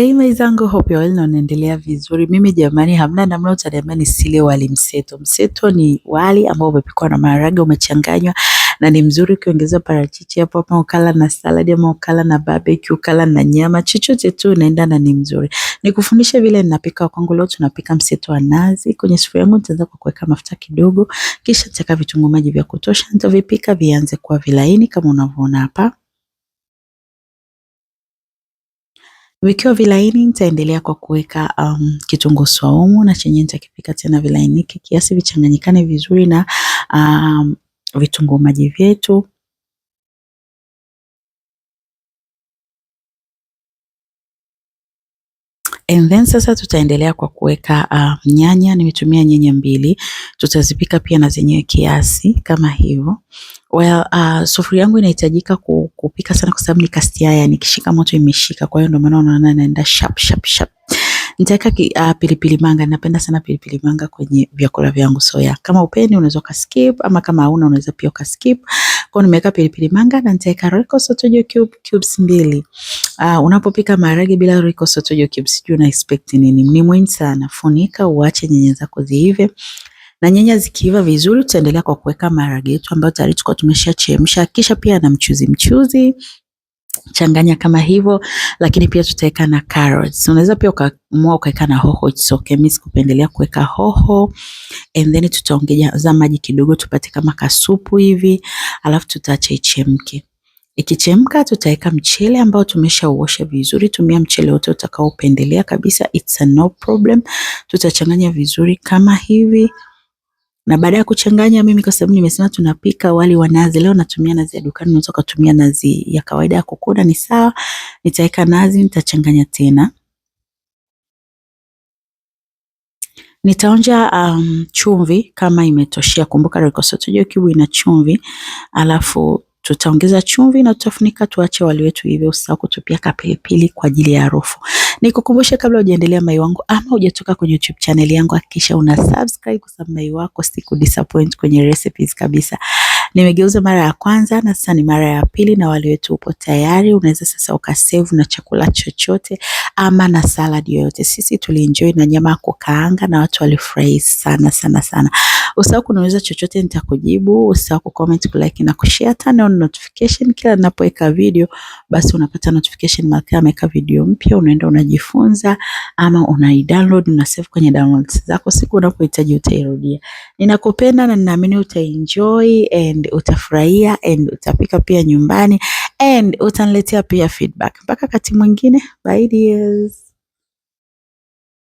Hey, maizangu hope you all naendelea vizuri. Mimi jamani, hamna namna utaniambia nisile wali mseto. Mseto ni wali ambao umepikwa na maharage umechanganywa na ni mzuri ukiongeza parachichi hapo hapo, ukala na saladi ama ukala na barbecue, ukala na nyama, chochote tu unaenda na ni mzuri. Nikufundishe vile ninapika kwangu. Leo tunapika mseto wa nazi. Kwenye sufuria yangu nitaanza kwa kuweka mafuta kidogo, kisha nitaweka vitunguu maji vya kutosha, nitavipika vianze kuwa vilaini kama unavyoona hapa. Vikiwa vilaini nitaendelea kwa kuweka um, kitunguu swaumu na chenye nitakipika tena vilainike kiasi vichanganyikane vizuri na um, vitunguu maji vyetu And then sasa tutaendelea kwa kuweka uh, nyanya. Nimetumia nyanya mbili, tutazipika pia na zenyewe kiasi kama hivyo. Well, uh, sufuria yangu inahitajika kupika sana kwa sababu ni kastia, yani nikishika moto imeshika. Kwa hiyo ndio maana unaona naenda sharp sharp sharp. Nitaweka uh, pilipili manga. Napenda sana pilipili manga kwenye vyakula vyangu, so ya kama upendi unaweza ukaskip, ama kama hauna unaweza pia ukaskip kwa nimeweka pilipili manga na nitaweka Royco Sotojo cube cubes mbili. Uh, unapopika maharage bila Royco Sotojo cubes sijui una expect nini? Ni muhimu sana. Funika uache nyanya zako ziive. Na nyanya zikiiva vizuri, tutaendelea kwa kuweka maharage yetu ambayo tayari tuko tumeshachemsha, kisha pia na mchuzi mchuzi changanya kama hivyo, lakini pia tutaweka na carrots. Unaweza pia ukaamua ukaweka na hoho, it's okay. Mimi sikupendelea kuweka hoho, and then tutaongeza maji kidogo tupate kama kasupu hivi, alafu tutaacha ichemke. Ikichemka tutaweka mchele ambao tumeshauosha vizuri. Tumia mchele wote utakaopendelea kabisa, it's a no problem. Tutachanganya vizuri kama hivi. Na baada ya kuchanganya, mimi kwa sababu nimesema tunapika wali wa nazi leo, natumia nazi ya dukani, unaweza kutumia nazi ya kawaida ya kukoda, ni sawa. Nitaweka nazi, nitachanganya tena, nitaonja um, chumvi kama imetoshea. Kumbuka royco tujue kibu ina chumvi, alafu Tutaongeza chumvi na tutafunika tuache wali wetu hivyo. Usisahau kutupia kapilipili kwa ajili ya harufu. Nikukumbushe kabla hujaendelea mai wangu ama hujatoka kwenye YouTube channel yangu, hakikisha una subscribe kwa sababu mai wako siku disappoint kwenye recipes kabisa. Nimegeuza mara ya kwanza na sasa ni mara ya pili, na wali wetu upo tayari. Unaweza sasa ukasevu na chakula chochote ama na salad yoyote. Sisi tulienjoy na nyama ya kukaanga na watu walifurahi sana sana sana. Usahau kuniuliza chochote, nitakujibu. Usisahau kucomment, kulike na kushare. Turn on notification, kila ninapoweka video basi unapata notification mara ameweka video mpya, unaenda unajifunza ama una download una save kwenye downloads zako, siku unapohitaji utairudia. Ninakupenda na ninaamini utaenjoy and and utafurahia and utapika pia nyumbani and utaniletea pia feedback. Mpaka wakati mwingine, bye dears.